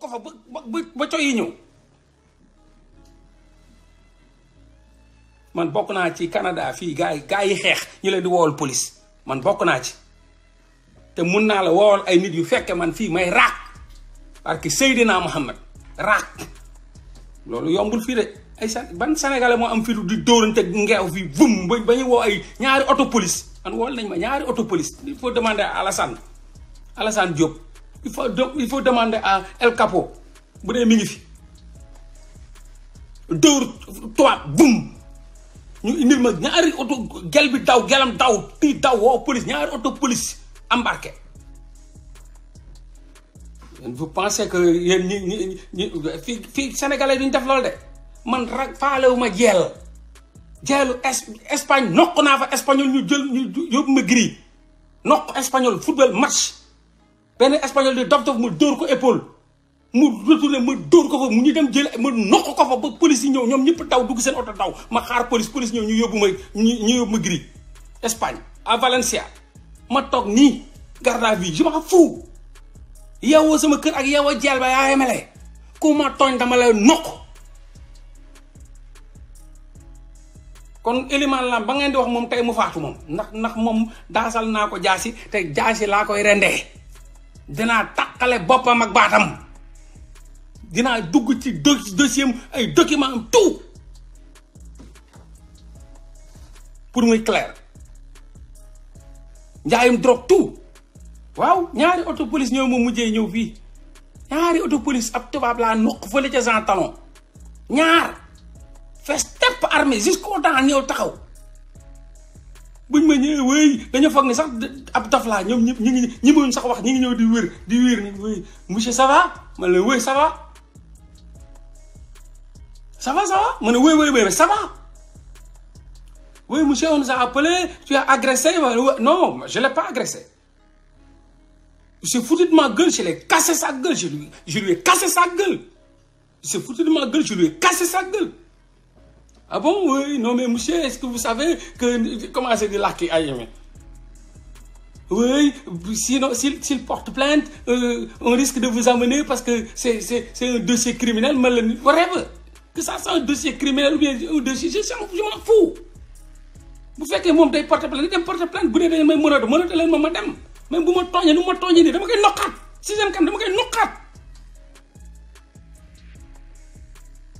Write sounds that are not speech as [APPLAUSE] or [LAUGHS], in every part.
ko fa ba ba coy yi ñëw man bokk naa ci Canada fii gars yi gars yi xeex ñu leen di woowal police man bokk naa ci te mun naa la wowal ay nit yu fekkee man fii may raak parce que Seydina Mohamed raak loolu yombul fii de ay ban sénégalais moo am fitu di dóorante ngeew fii vum ba ba ñu woo ay ñaari auto police man wool nañ ma ñaari auto police il faut demander à Alassane Alassane il faut donc il faut demander à El Capo bu dee mi ngi fi dóor toit boum ñu indil ma ñaari auto gel bi daw gelam daw ti daw woo police ñaari auto police embarqué vous pensez que yéen ñi ñi ñi fii fii sénégalais duñ def loolu de man rag faalewu ma jeel jeelu Espagne nokk naa fa espagnol ñu jël ñu yóbbu ma gris nokk espagnol football match benn espagnol di dof dof ma dóor ko épaule mu retourné ma dóor ko fa mu ñu dem jël ma noq ko fa ba police yi ñëw ñoom ñëpp daw dugg seen oto daw ma xaar police police ñëw ñu yóbbu ma ñu yóbbu ma gris Espagne à Valencia ma toog nii garde à vue je sama kër ak yeewoo jeel ba yaa yemale ku ma tooñ dama lay noq kon élément lam ba ngeen di wax moom tey mu faatu moom ndax ndax moom daasal naa ko jaasi te jaasi laa koy rendee dinaa taqale boppam ak baatam dinaa dugg ci dossier ay document am tout pour muy clair njaayum drogue tout waaw ñaari auto police ma mujjee ñëw fii ñaari auto police ab tubaab laa noq fële ca sans talon ñaar fes tepp armée jusqu'au temps ñëw taxaw buñ ma ñëwee wéy dañu sax ñi sax wax ñi ñëw di ça va ma ça va ça va ça va oui, oui, oui, mais ça va oui monsieur on nous a appelé tu as agressé non je ne l'ai pas agressé suis foutu de ma gueule je l'ai cassé sa gueule je lui je lui ai cassé sa gueule s'est foutu de ma gueule je lui ai cassé sa gueule ah bon, oui, non mais monsieur, est-ce que vous savez que, comment c'est de la qui Oui, sinon, s'il porte plainte, euh, on risque de vous amener parce que c'est un dossier criminel, whatever. Que ça soit un dossier criminel ou bien un dossier, je, m'en fous. Vous faites que mon day porte plainte, dem porte plainte, vous avez me monote, monote, madame. Même vous me tournez, vous me tournez, je me suis nocat. Sixième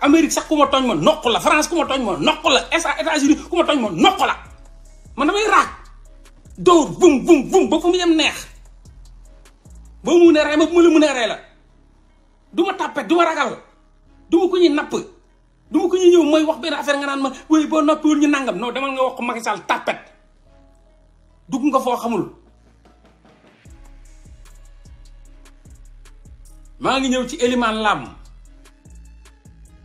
Amérique sax ku ma tooñ ma noq la France ku ma tooñ ma noq la États-Unis ku ma tooñ ma noq man damay raag dóor bum bum bum ba fu mu yem neex boo mu ne rey ma bu ma la mënee rey la du ma tàppet du ma ragal du ko ñuy napp du ko ñuy ñëw mooy wax benn affaire nga naan ma wéy boo noppiwul ñu nangam non demal nga wax ko Macky Sall tàppet dugg nga foo xamul maa ngi ñëw ci Eliman Lam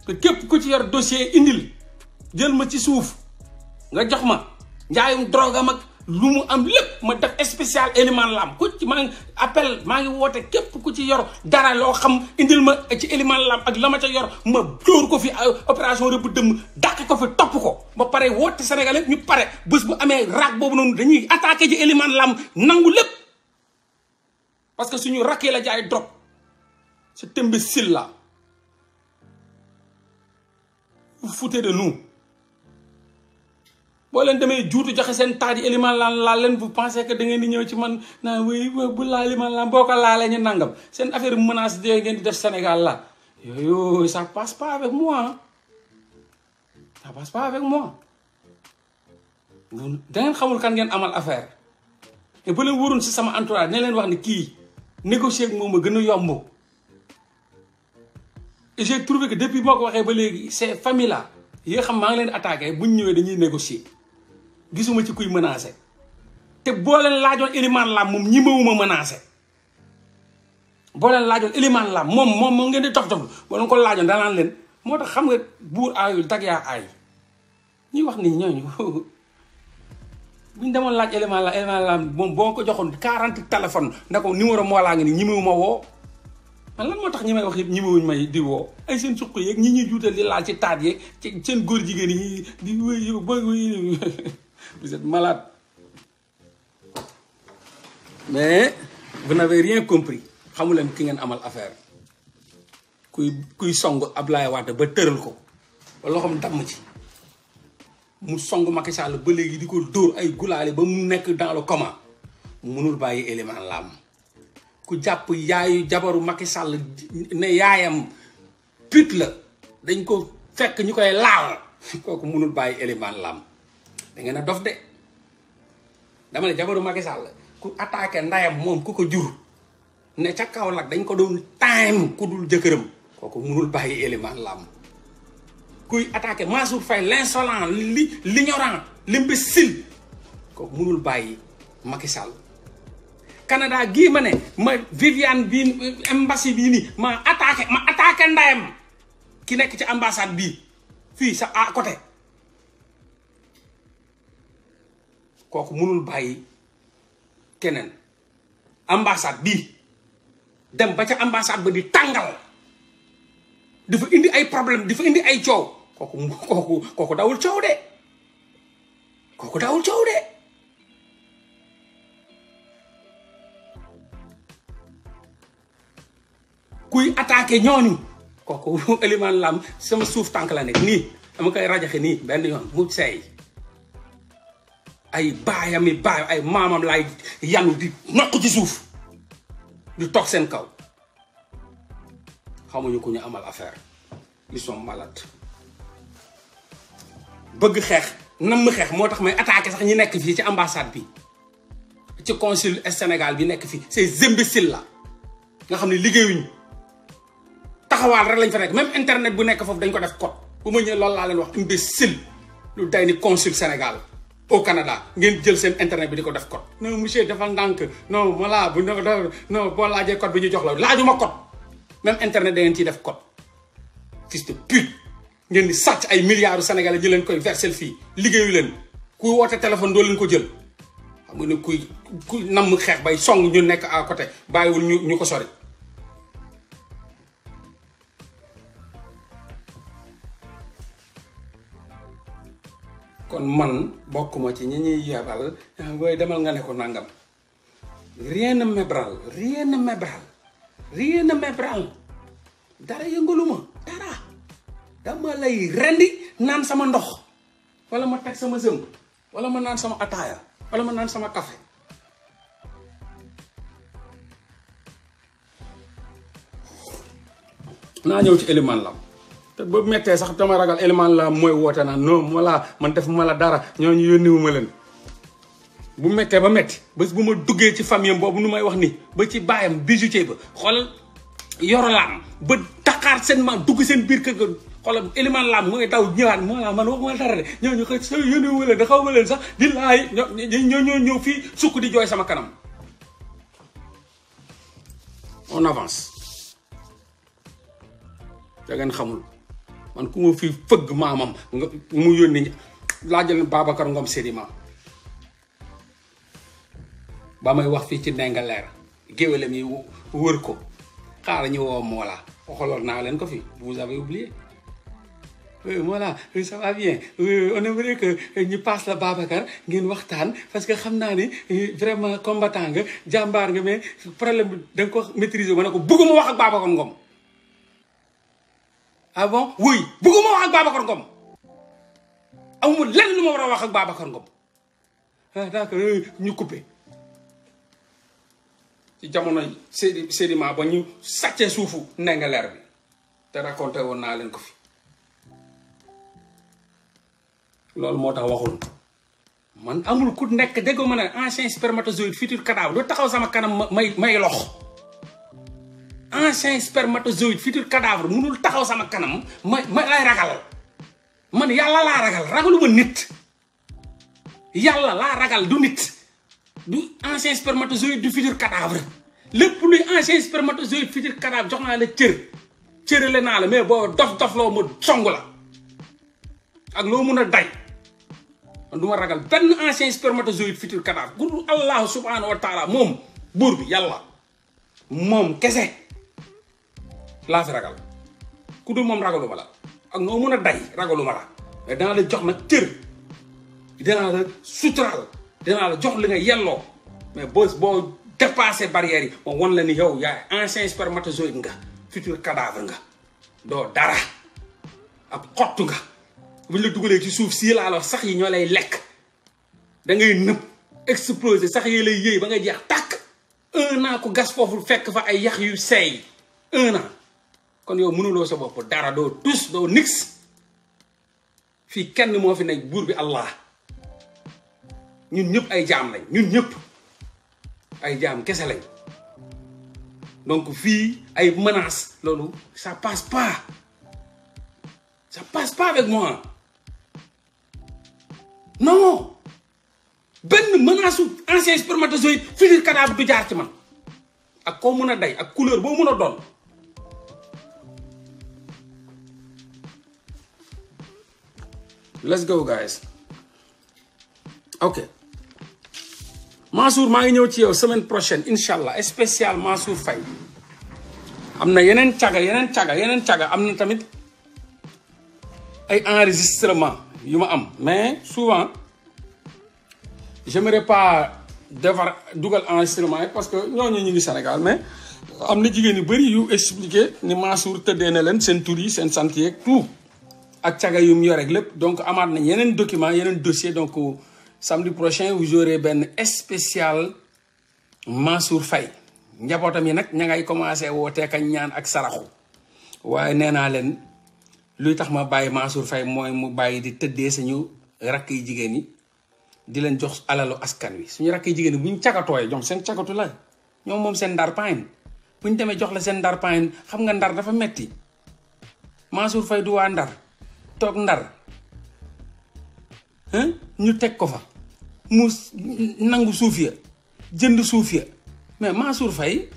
te képp ku ci yor dossier indil jël ma ci suuf nga jox ma njaayum drogue am ak lu mu am lépp ma def spécial élément lam ku ci maa ngi appel maa ngi woote képp ku ci yor dara loo xam indil ma ci élément lam ak la ma ca yor ma dóor ko fi euh, opération rëbb dëmm dàq ko fi topp ko ba pare woote Sénégal yëpp ñu pare bés bu amee raak boobu noonu dañuy attaqué ji élément lam nangu lépp parce que suñu rakkee la jaay drogue c'est imbécile là vous foutez de nous boo leen demee juutu joxe seen taaj éliman laan laal vous pensez que da ngeen di ñëw ci man naa oui bu laa éliman laan boo ko laalee ñu nangam seen affaire menace de ngeen di def Sénégal la ça passe pas avec moi ça passe pas avec moi da ngeen xamul kan ngeen amal affaire te bu leen si sama entourage ne leen wax ni kii négocier ak et j'ai trouvé depuis boo ko waxee ba léegi ces familles là yoo xam maa ngi leen attaqué bu ñëwee dañuy négocier gisuma ci kuy menacé te boo leen laajoon Elimane Lam moom ñi mawuma menacé boo leen laajoon moom moom moom ngeen di tof tof boo leen ko laajoon danaan leen moo tax xam nga buur aayul dag yaa aay ñuy wax ni ñooñu buñ demoon laaj Elimane Lam Elimane moom boo ko joxoon quarante téléphone na ko numéro moo laa ngi ni ñi woo lan ñi may wax ñi que may di wo ay seen ñi ci taat ci yi di [LAUGHS] vous êtes malade mais vous n'avez rien compris xamuleen ki ngeen amal affaire kuy kuy song Ablaye ba ko ba dam ci mu song Macky ba légui di ko ay ba mu nekk dans le coma munul élément ku jàpp yaayu jabaru Macky Sall ne yaayam pute la dañ ko fekk ñu koy laal [LAUGHS] kooku mënul bàyyi Elimane Lam da ngeen a dof de dama ne jabaru Macky ku attaqué ndayam moom ku ko jur ne ca kaw nag dañ ko doon time ku dul jëkkëram kooku mënul bàyyi Elimane Lam kuy attaqué Mansour Faye l'insolent li l'ignorant l'imbécile kooku mënul bàyyi Macky Canada gi mané ma Viviane bi embassy bi ni ma attaquer ma attaquer ndayam ki nek ci ambassade bi fi sa à côté kooku mënul bayyi kenen ambassade bi dem ba ca ambassade ba di tàngal dafa indi ay problème dafa indi ay ciow kooku kooku kooku dawul ciow de dawul ciow de kuy attaqué ñooñu kooku [LAUGHS] Elimane Lam sama suuf tànk la nekk nii dama koy rajaxe nii benn yoon mu seey ay baayami baay ay maamam laay yanu di nokk ci suuf di toog seen kaw xamuñu ku ñu amal affaire ils sont bëgg xeex namm xeex moo tax may attaqué sax ñi nekk fii ci ambassade bi ci consul Sénégal bi nekk fii ces imbéciles la nga xam ne liggéeyuñu taxawaal rek lañ fa nekk même internet bu nekk foofu dañ ko def code bu ma ñëwee loolu laa leen wax imbécile lu day ni consul Sénégal au Canada ngeen jël seen internet bi di ko def code non monsieur defal ndànk non voilà bu non boo laajee code bi ñu jox la laajuma code même internet da ngeen ciy def code fils de pute ngeen di sàcc ay milliards sénégalais ñu leen koy versel fii liggéeyu leen kuy woote téléphone doo leen ko jël xam nga ne kuy kuy namm xeex bay song ñu nekk à côté bàyyiwul ñu ñu ko sori kon man bokkuma ci ñi ñuy yabal ah, booy demal nga ne ko nangam rien ne mebral rien ne mebral rien ne mebral dara yëngaluma dara dama lay rendi nan sama ndox wala ma teg sama zeum wala ma nan sama ataya wala ma nan sama café na ñew ci element lam bu mettee sax dama ragal élément la moy woote na non wala man def ñoo ñu dara wu ma len bu mettee ba metti bés bu ma duggé ci famille boobu nu wax ni ba ci bayam bijoutier ba xol yor laam ba takar sen ma dugg sen bir kër ga xoolal élément laam moy taw ñëwaat mo la man waxuma dara de ñooñu xëy sa wu leen da xawma len sax di laay ñoo ñoo di joy sama kanam on avance da ngeen xamul man ku ma fii fëgg maamam nga mu yónni laajal Babacar Ngom Sedima ba may wax fii ci Ndingler géwélam yi wër ko xaar ñu woo Mollah waxaloon naa leen ko fi vous avez oublié oui Mollah ça va bien on aimerait que ñu passe la Babacar ngeen waxtaan parce que xam naa ni euh, vraiment combattant nga jàmbaar nga mais problème bi da nga ko maîtriser ma ne ko bëgguma wax ak Babacar Ngom avant wuy bëgguma wax ak Babacar Ngom amul lenn lu ma war a wax ak Babacar Ngom ah d'accord ñu coupé ci jamono sédi sédiment ba ñu sàccee suufu Ndingler bi te raconté woon naa leen ko fi loolu moo tax waxul man amul ku nekk déggoo ma ne ancien spermatozoïde futur cadavre lu taxaw sama kanam may may lox ancien spermatozoïde futur cadavre munul taxaw sama kanam ma lay ragal man yàlla laa ragal ragaluma nit yàlla laa ragal du nit du ancien spermatozoïde du futur cadavre lépp luy ancien spermatozoïde futur cadavre jox naa la cër cërale naa la mais boo dof dof loo ma song la ak loo mun a day man du ma ragal benn ancien spermatozoïde futur cadavre ku dul allahu subhanahu wa moom buur bi yàlla moom kese laa fi ragal ku dul moom ragaluma la ak noo mën a day ragaluma la mais danaa la jox nag cër danaa la suturaal danaa la jox li nga yelloo mais boo boo dépassé barrières yi ma won la ni yow yaay ancien spermatozoïde nga futur cadavre nga doo dara ab xottu nga buñ la dugalee ci suuf sii laa la sax yi ñoo lay lekk da ngay nëb explosé sax yi lay yëy ba nga jeex takk un ko ku gas foofu fekk fa ay yax yu seey un kon yow mënuloo sa bop dara do tous do nix fi kenn mo fi nek buur bi allah ñun ñep ay jam lañ ñun ñep ay jam kessé lañ donc fi ay menace lolu ça passe pas ça passe pas avec moi non ben menace ancien spermatozoïde finir cadavre du jaar ci man ak ko mën day ak couleur bo mën a let's go guys ok Mansour maa ngi ñëw ci yow semaine prochaine incha allah spécial Mansour Faye am na yeneen caga yeneen caga yeneen caga am na tamit ay enregistrement yu ma am mais souvent j'aimerais pas defar dugal enregistrement yi parce que ñooñu ñu ngi Sénégal mais am na jigéen yu bëri yu expliqué ni Mansour tëddee na leen seen tur yi seen sant yeeg tout ak caga yu mu yore ak donc amaat na yenen document yenen dossier donc euh, samedi prochain vous aurez ben spécial Mansour Faye njabotam yi nak ña ngay commencé wooteek ak ñaan ak saraxu waaye nee len luy tax ma baye Mansour Faye moy mu baye di teuddé suñu rak yi jigéen ñi di len jox alalu askan wi suñu rak yi jigéen ñi bu ñu cagatooyee ñoom seen cagatu la ñom mom sen dar pain buñu ñu jox la sen dar pain xam nga dar dafa metti Mansour Faye du wa dar tok ndar ñu tek ko fa mu nangu suuf ya jënd suuf ya mais Mansour fay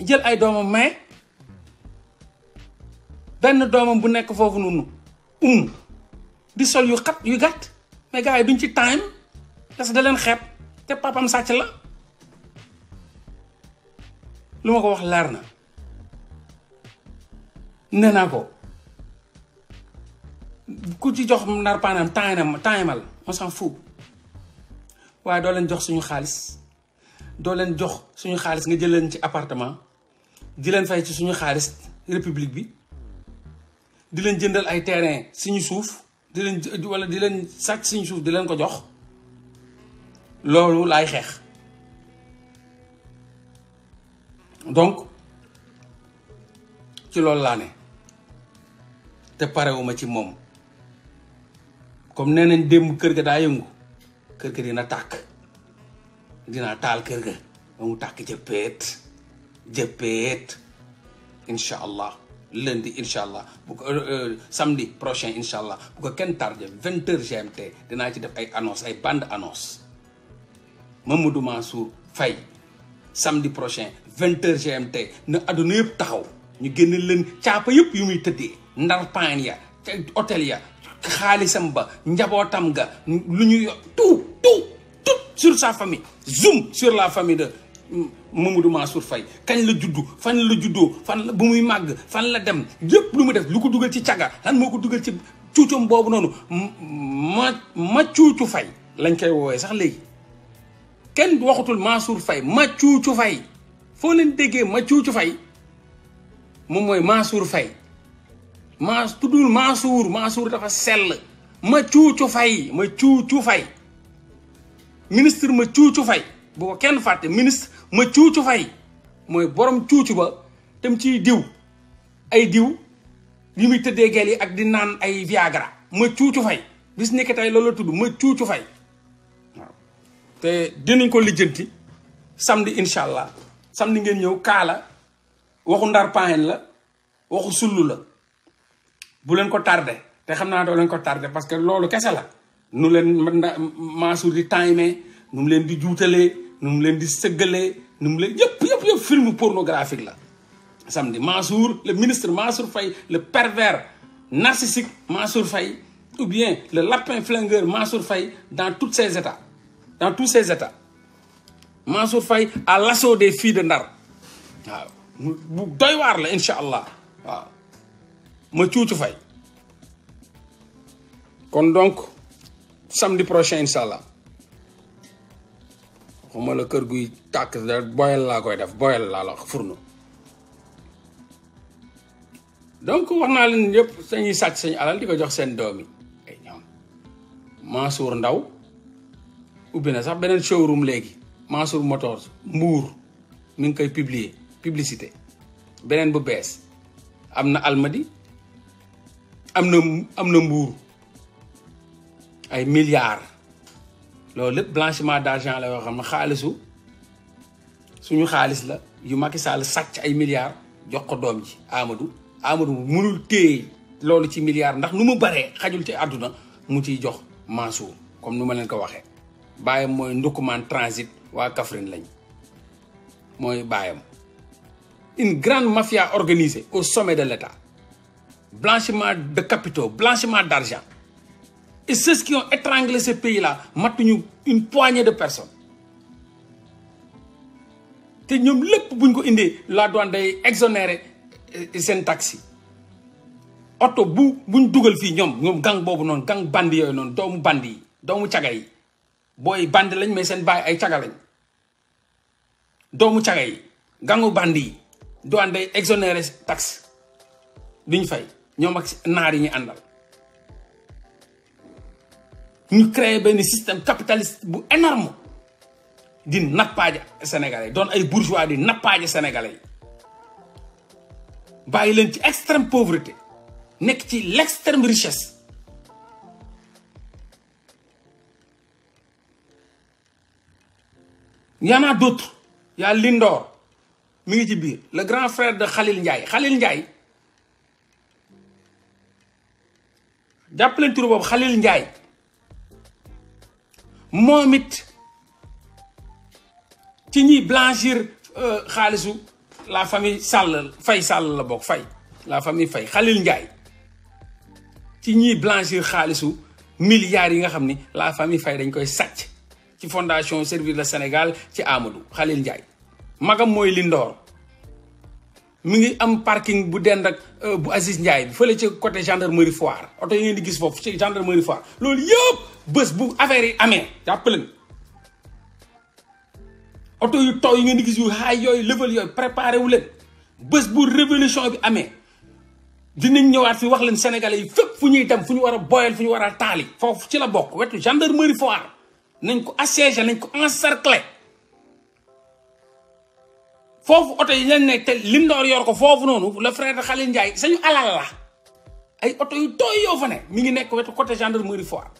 jël ay doomam may benn doomam bu nekk foofu noonu um di sol yu xat yu gàtt mais gars duñ ci time parce da leen xeeb te papam sàcc la lu ko wax na nee ko ku ci jox nar paanam taaynam taaymal on s'en fout waaye doo leen jox suñu xaalis doo leen jox suñu xaalis nga jël leen ci appartement di leen fay ci suñu xaalis république bi di leen jëndal ay terrain suñu suuf di leen wala di leen sàcc suñu suuf di leen ko jox loolu laay xeex donc ci loolu laa ne te parewuma ci moom comme nee nañ démb kër ga daa yëngu kër ga dina tàkk dina taal kër ga ba mu tàkk jëppeet jëppeet allah lundi insha allah bu ko euh, euh, samedi prochain insha allah bu ko kenn tardé vingt heures gmt dinaa ci def ay annonce ay bande annonce mamadou mansour fay samedi prochain vingt heures gmt na aduna yëpp taxaw ñu génn leen caapa yëpp yu muy tëddee ndar paan ya hôtel ya xaalisam ba njabootam ga lu ñuy yor tout tout tout sur sa famille zoom sur la famille de Mamadou Mansour Faye kañ la juddu fan la juddoo fan la bu muy màgg fan la dem yépp lu mu def lu ko dugal ci caga lan moo ko dugal ci cuucum boobu noonu ma ma cuucu fay lañ koy woowee sax léegi kenn waxatul Mansour Faye ma cuucu fay foo leen déggee ma cuucu fay moom mooy Mansour fay maa tuddul Mansour Mansour dafa sell ma cuucu fay ma cuucu fay ministre ma cuucu fay boo kenn fàtte ministre ma cuucu fay mooy boroom cuucu ba tam ciy diw ay diw yi muy tëddee gel yi ak di naan ay Viagra ma cuucu fay bis ni tey loolu la tudd ma cuucu fay waaw te dinañ ko lijjanti samedi incha allah samedi ngeen ñëw kaala waxu ndar paaxen la waxu sullu la bu leen ko tardé te xamna parce que ko tardé parce que lolu kessa la nu leen Mansour di timé nu len di juutalee nu len di sëggalee nu len leen yëpp yëpp film pornographique la samedi Mansour le ministre Mansour Fay, le pervers narcissique Mansour Fay, ou bien le lapin flingueur Mansour Fay, dans tous ses états dans tous ses états Mansour Fay à l'assaut des filles de nar. wa devez doy waar la ma cuucu fay kon donc samedi prochain inshallah allah la kër guy tak da boyal la koy def boyal la la fourno furno donc waxna len leen yëpp sacc sàcc alal di ko jox sen doom ay ñoom Mansour Ndaw ubbi na sax benen showroom legi Mansour Motors Mbour mi ngi koy publier publicité benen bu bes amna Almadi am na am na mbuur ay milliards loolu lépp blanchiment d'argent la yoo xam ne xaalisu suñu xaalis la yu Macky saal sàcc ay milliards jox ko doom ji Amadou Amadou mënul téye loolu ci milliards ndax nu mu baree xajul ci àdduna mu ciy jox Mansour comme nu ma leen ko waxee bàyyam mooy ndukkumaan transit waa Kaffrine lañ mooy baayam une grande mafia organisée au sommet de l'État blanchiment de capitaux blanchiment d'argent. Et c'est ce qui ont étranglé ces pays là matuñu une poignée de personnes te ñoom lépp buñ ko indee la douane day exonéré eh, eh, seen taxi oto bu buñ dugal fi, ñoom ñoom gang boobu non, gang bandi non, noonu doomu bandi yi doomu caga boy bandi lañ mais seen baay ay caga lañ doomu caga yi bandi douane day exonérer taxe duñ fay ñoom ak naar yi ñu àndal ñu créé benn système capitaliste bu énorme di nappaaje sénégalais doon ay bourgeois di nappaaje sénégalais yi bàyyi leen ci extrême pauvreté nekk ci l'extrême richesse y en a d'autres y mi ngi ci biir le grand frère de Khalil Ndiaye Khalil Ndiaye jàpp leen tur boobu Khalil Ndiaye moom it ci ñiy blanchir euh, xaalisu la famille Sall fay Sall la bokk fay la famille fay Khalil Ndiaye ci ñiy blanchir xaalisu milliards yi nga xam ni la famille fay dañ koy sàcc ci fondation service le Sénégal ci Amadou Khalil Ndiaye magam mooy Lindor mi ngi am parking bu dend ak euh, bu Aziz Ndiaye bi fële ci côté gendarmerie Foire oto yi ngeen di gis foofu ci gendarmerie Foire loolu yëpp bës bu affaire yi amee jàppaleen oto yu taw yi ngeen di gis yu xaay yooyu level yooyu préparé wu leen bës bu révolution bi amee dinañ ñëwaat fi wax leen sénégalais yi fépp fu ñuy dem fu ñu war a boyal fu ñu war a taali foofu ci la bokk wetu gendarmerie Foire nañ ko assiégé nañ ko encerclé foofu oto yi leen ne te lim door yor ko foofu noonu le frère de Khalil Ndiaye sañu alal la ay oto yu tooy yoo ne mi ngi nekk wetu côté gendarmerie foire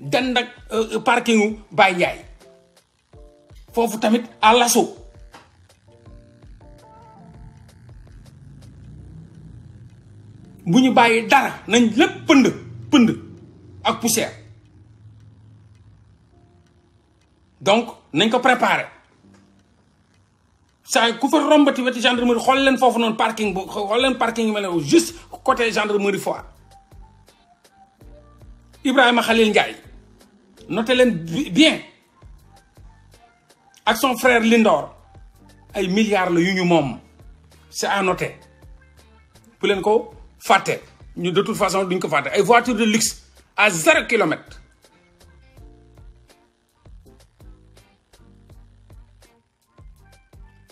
dend ak euh, parkingu Baye Ndiaye foofu tamit à bu ñu bàyyi dara nañ lépp pënd pënd ak poussière donc nañ ko préparer ça un fa rombati gendarmerie parking parking juste côté gendarmerie foire Khalil Ndiaye notez-le bien Avec son frère Lindor ay milliards la c'est à noter Pour le ko de toute façon duñ ko voitures de luxe à 0 km.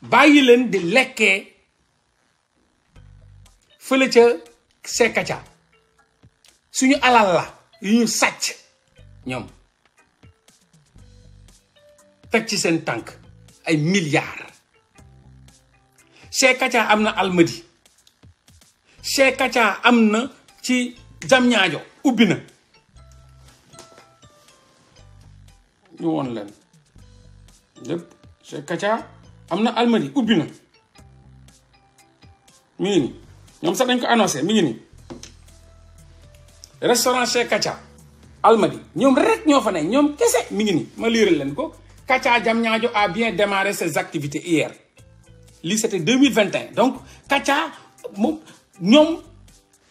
bàyyi leen di lekkee fële ca sekkaca suñu alal la yu ñu sàcc ñoom teg ci seen tànk ay milliards sekkaca am na almadi sekkaca am na ci jamñaajo ubbi na ñu woon leen lépp sekkaca Amna na almadi Où dañ ko annoncé mi restaurant chez Kacha almadi ñom rek ño fa ne ñom kese mi ngi ni ma Kacha a bien démarré ses activités hier c'était 2021 donc Kacha ñom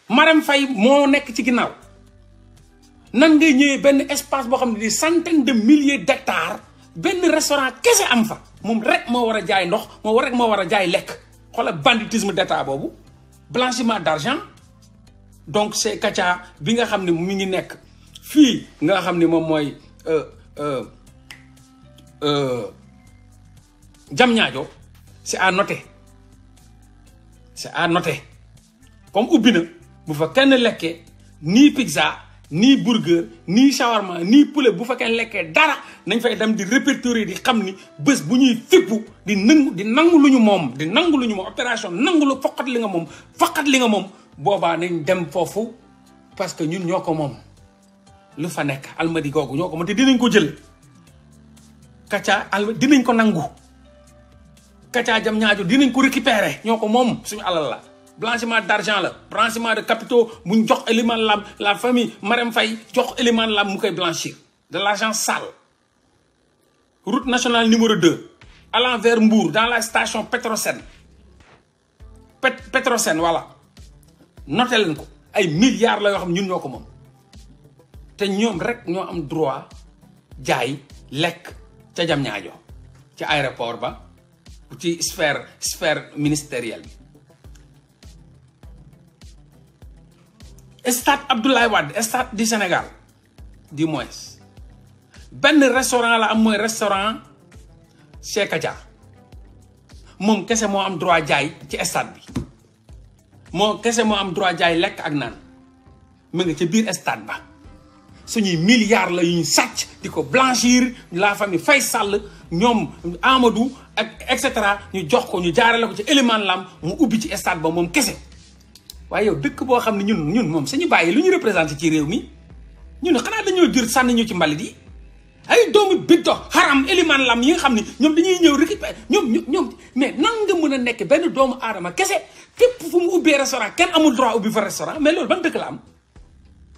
maram fay Faye ci ginnaw nan ngay ñëwé espace de centaines de milliers d'hectares benn restaurant kese am fa moom rek moo war a jaay ndox moo rek moo war a jaay lekk xoolal banditisme d'état boobu blanchiment d'argent donc c'est Katia bi nga xam ne mu ngi nekk fii nga xam ni moom mooy euh, euh, euh, Diamniadio c'est à noter c'est à noter comme ubbi na bu fa kenn lekkee nii pizza ni burger ni shawarma ni poulet bu fekkee lekkee dara nañ fay dem di répertorier di xamni bëss bu ñuy fippu di nang di nang luñu mom di nang luñu mom opération nang lu foqat li nga mom foqat li nga mom boba nañ dem fofu parce que ñun ñoko mom lu fa nek almadi gogu ñoko mom moom te dinañ ko jël kaca al dinañ ko nangu kaca jam ñaaju dinañ ko récupérer ñoko mom suñu alal la blanchiment d'argent, blanchiment de capitaux jox la famille Marème Faye jox éléments Lam mu blanchir de l'argent sale route nationale numéro 2 allant vers Mbour dans la station Petrosen Petrosen voilà Notre leen ay milliards la yo xam ñun ñoko mom té ñom rek ño am droit jaay lekk ca jam ñaajo ci aéroport ba sphère sphère ministérielle stade Abdoulaye Wade stade du Sénégal du moins benn restaurant la am mooy restaurant Cheikh moom kese moo am droit jaay ci stade moo kese moo am droit jaay lekk ak naan mu nga ca biir stade ba suñuy milliards la yu ñu sàcc di ko blanchir la famille Faye sàll ñoom Amadou ak et cetera ñu jox ko ñu jaarale ko ci Elimane Lam mu ubbi ci stade ba moom kese. waaye yow dëkk boo xam ne ñun ñun moom suñu bàyyi lu ñu représenté ci réew mi ñun xanaa dañoo jël sànni ñu ci mbalit yi ay doomu biddo xaram éliman lam yi nga xam ne ñoom dañuy ñëw récupérer ñoom ñoom mais nan nga mën a nekk benn doomu aadama kese képp fu mu ubbee restaurant kenn amul droit ubbi fa restaurant mais loolu ban dëkk la am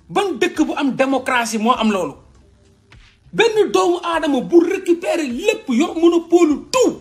ban dëkk bu am démocratie moo am loolu benn doomu aadama bu récupérer lépp yor monopole tout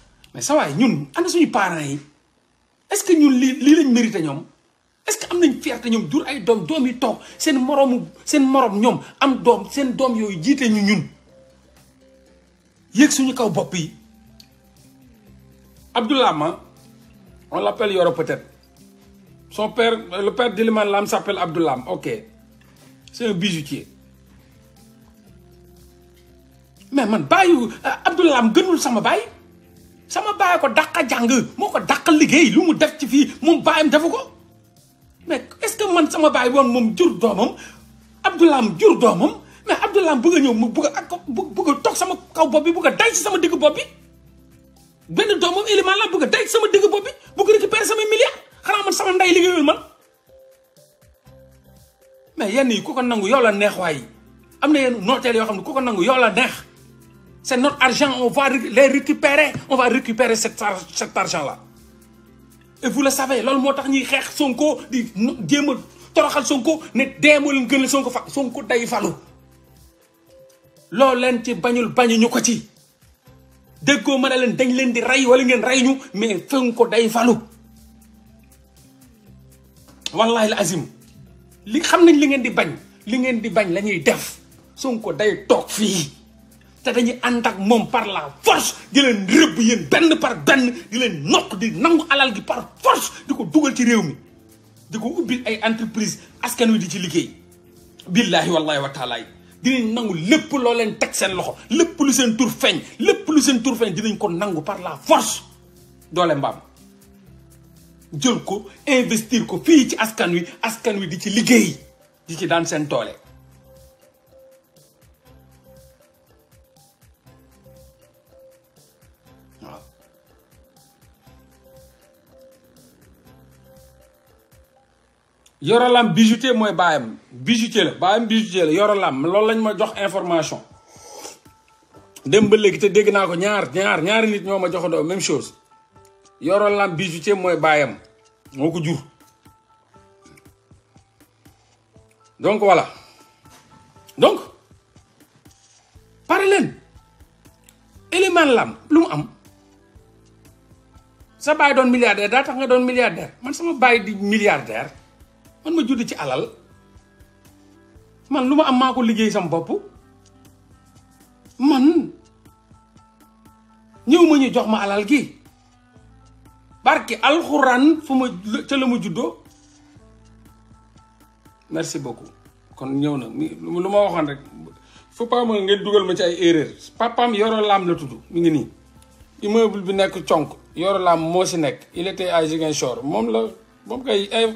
mais ça va, ñun ana suñu parents est-ce que nous lii les mérité est-ce que am nañ fierté nous Nous ay doom de nous. Nous seen morom seen nous. ñom am doom seen doom Nous sommes ñu ñun nous. suñu kaw fiers yi on l'appelle Yoro peut-être son père euh, le père d'Iliman Lam s'appelle Abdoulaye ok c'est un bijoutier mais man euh, gënul sama sama baye ko dakka jang moko ko liggey lu mu def ci fi mum bayam defu mais est-ce que man sama baye won mum jur domam abdoulam jur domam mais abdoulam bëgg ñew mu bëgg ak bëgg tok sama kaw bop bi bëgg day ci sama digg bop bi ben domam élément la bëgg day ci sama digg bop bi bëgg récupérer sama milliard xana man sama nday liggéeyul man mais yenn yi ku ko nangu yow la neex way amna yenn notel yo xamni ku ko nangu yow la neex C'est notre argent, on va les récupérer. On va récupérer cet, argent-là. Et vous le savez, lol motax ñi xex sonko di toroxal sonko ne sonko sonko day falu. Lol len ci bañul ñuko ci. Deggo mané len dañ len di ray wala ngeen ray ñu mais sonko day falu. Wallahi l'azim. Li xam nañ li ngeen di bañ, li ngeen di bañ lañuy def. Sonko day tok fi. te dañuy ànd ak moom par la force di leen rëbb yéen benn par benn di leen nokk di nangu alal gi par force di ko dugal ci réew mi di ko ubbil ay entreprise askan wi di ci liggéey billaahi wallaahi wa taala yi dinañ nangu lépp loo leen teg seen loxo lépp lu seen tur feeñ lépp lu seen tur feeñ dinañ ko nangu par la force doole mbaam jël ko investir ko fii ci askan wi askan wi di ci liggéey di ci daan seen toole yoralam bijoutier moy bayam bijoutier la bayam bijoutier la yoralam lolou lañ ma jox information dem ba léegi te dégg na ko ñaar ñaar ñaar nit ñoma ma même chose yoralam bijoutier mooy moy moo ko jur donc voilà donc pare élément lam lu am sa don miliarder milliardaire da tax nga don milliardaire man sama bay di milliardaire man ma judd ci alal man luma am mako liggey sam sama man ñew ma ñu jox ma alal gi barki alquran fu ma ca la ma juddoo merci beaucoup kon ñew na luma waxon rek fu pa ma ngeen duggal ma ci ay erreur papam Yoro Lam la tuddu mi ngi ni immeuble bi nek chonk Yoro Lam mo ci nek il était à Ziguinchor mom la mom kay eh,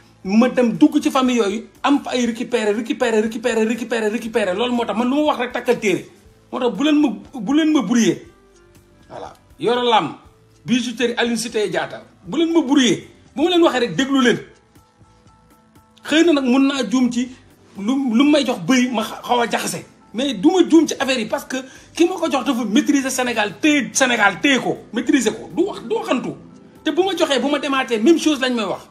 ma dem dugg ci famille yooyu am fa ay récupéré récupéré récupéré récupéré récupéré loolu moo tax man lu ma wax rek takkal téere moo tax bu leen ma bu leen ma brouillé voilà Yoro Lam bijouterie Aline Sitoé Diatta bu leen ma brouillé bu ma leen waxee rek déglu leen xëy na nag mun naa juum ci lu lu may jox bëy ma xaw a jaxase mais du ma juum ci affaire yi parce que ki ma ko jox dafa maîtriser Sénégal téye Sénégal téye ko maîtriser ko du wax du waxantu te bu ma joxee bu ma demaatee même chose lañ may wax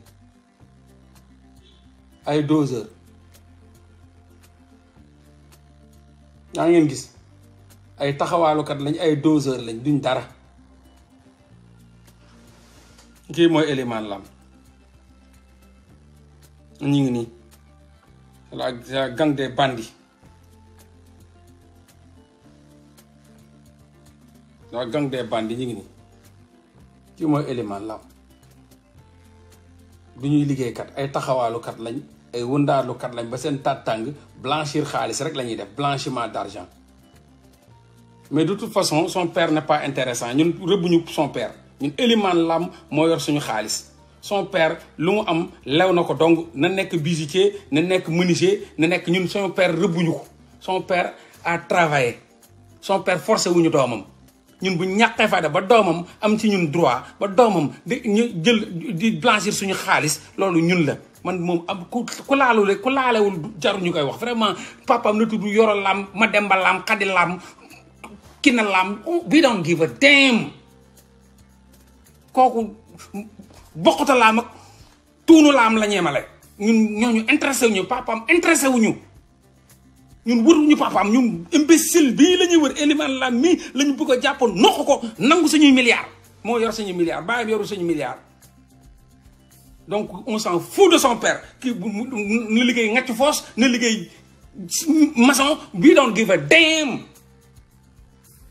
ay doseur yaa ngeen gis ay taxawaalukat lañ ay doseur lañ duñ dara kii mooy Eliman Lam ñu ngi nii la la gang des bandits la gang des bandits ñu ngi nii kii mooy Eliman Lam duñuy ñuy kat ay kat lañ ay kat lañ ba seen tàttang blanchir xaalis rek lañuy def blanchiment d'argent mais de toute façon son père n'est pas intéressant ñun rëbbuñu son père ñun Elimane Lam moo yor suñu xaalis son père lu mu am lew na ko donc na nekk bijoutier na nekk menuisier na nekk ñun son père rëbbuñu ko son père a travaillé son père forcé wuñu doomam ñun bu ñàqee fayda ba doomam am ci ñun droit ba doomam di ñu jël di blanchir suñu xaalis loolu ñun la man moom am ku ku laalule ku laalewul jaruñu koy wax vraiment papam na tudd Yoro Lam Mademba Lam Khady Lam Kina Lam we don't give a damn kooku bokkata laam ak tuunu lam la ñeemale ñun ñooñu intéressé wuñu papam intéressé wuñu ñun wëruñu papam ñun imbécile bi lañuy wër élément la mi lañu bëgg japp noko ko nangu suñu milliard mo yor suñu milliard bayam yoru suñu milliard donc on s'en fout de son père ki ne liguey ngacc fos ne liguey maçon bi don't give a damn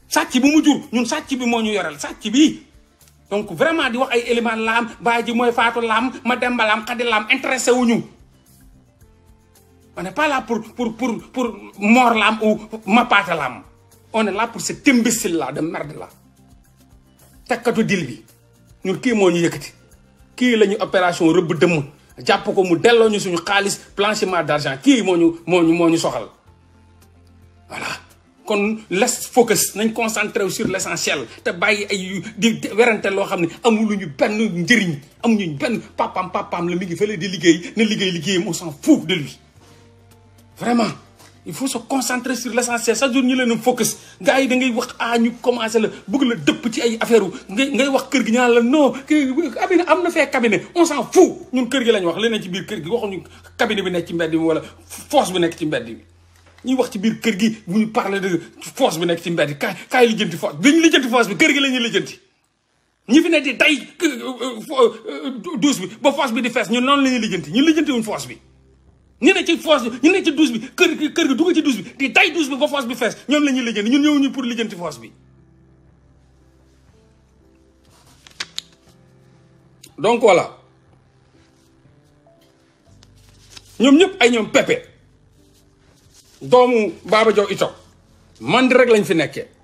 sacc bu mu jur ñun sacc bi mo ñu yoral sacc bi donc vraiment di wax ay élément lam baay ji moy faatu lam ma dembalam lam xadi lam intéressé wuñu On n'est pas là pour, pour, pour, pour mort l'âme ou de l'âme. On est là pour cet imbécile-là, de merde-là. te dire lui. Nous qui mon Dieu qui qui la ñu opération rëbb de jàpp ko mu delloo ñu suñu xaalis blanchiment d' argent kii moo ñu moo ñu mon ñu sohal. voilà kon laisse focus nañ concentré sur l' essentiel te bàyyi tel di werante loo xam ne amuluñu benn njëriñ amuñu benn papa papam la mi ngi fële di liggéey na les liggéeyam on s'en fout de lui vraiment il faut se concentrer sur l'essentiel Ça, nous ñu focus gars yi da ngay wax a ah, ñu commencé à bëgg le affaire ngay cabinet cabinet on s'en fout ñun kër gi lañ wax ci cabinet force bi nekk ci mbedd bi ñuy wax ci de force bi nekk ci force Nous force bi kër la faire di day euh, euh, euh, force bi di force ñu nekk ci force bi ñu ne ci douche bi kër gi kër gi dugg ci douche bi di day douche bi ba force bi fees ñoom la ñuy lijjanti ñun ñëwuñu pour lijjanti force bi. donc voilà ñoom ñëpp ay ñoom pepe doomu Baba Diaw Itaw man di rek lañ fi nekkee.